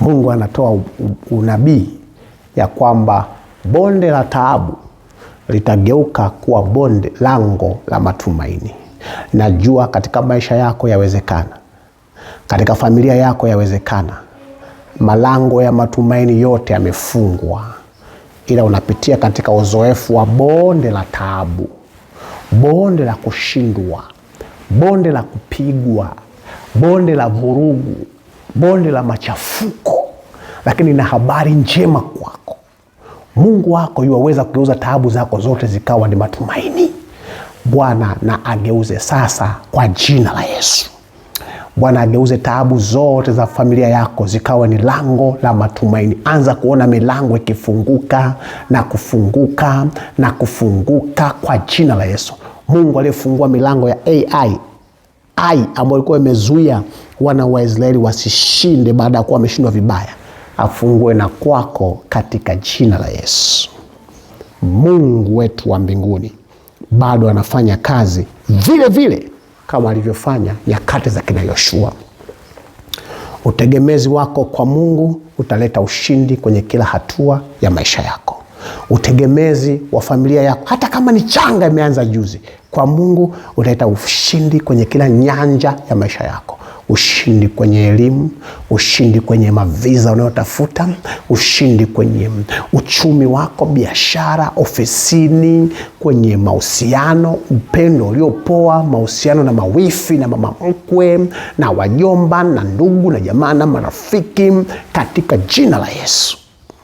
Mungu anatoa unabii ya kwamba bonde la taabu litageuka kuwa bonde lango la matumaini. Najua katika maisha yako yawezekana, katika familia yako yawezekana, malango ya matumaini yote yamefungwa, ila unapitia katika uzoefu wa bonde la taabu, bonde la kushindwa, bonde la kupigwa, bonde la vurugu, bonde la machafuko lakini na habari njema kwako. Mungu wako yuwaweza kugeuza taabu zako zote zikawa ni matumaini. Bwana na ageuze sasa kwa jina la Yesu. Bwana ageuze taabu zote za familia yako zikawa ni lango la matumaini. Anza kuona milango ikifunguka na kufunguka na kufunguka kwa jina la Yesu. Mungu aliyefungua milango ya Ai ai ambayo ilikuwa imezuia wana wa Israeli wasishinde baada ya kuwa wameshindwa vibaya afungue na kwako katika jina la Yesu. Mungu wetu wa mbinguni bado anafanya kazi vile vile kama alivyofanya nyakati za kina Yoshua. Utegemezi wako kwa Mungu utaleta ushindi kwenye kila hatua ya maisha yako. Utegemezi wa familia yako, hata kama ni changa imeanza juzi, kwa Mungu utaleta ushindi kwenye kila nyanja ya maisha yako ushindi kwenye elimu, ushindi kwenye maviza unayotafuta, ushindi kwenye uchumi wako, biashara, ofisini, kwenye mahusiano, upendo uliopoa, mahusiano na mawifi na mama mkwe na wajomba na ndugu na jamaa na marafiki, katika jina la Yesu.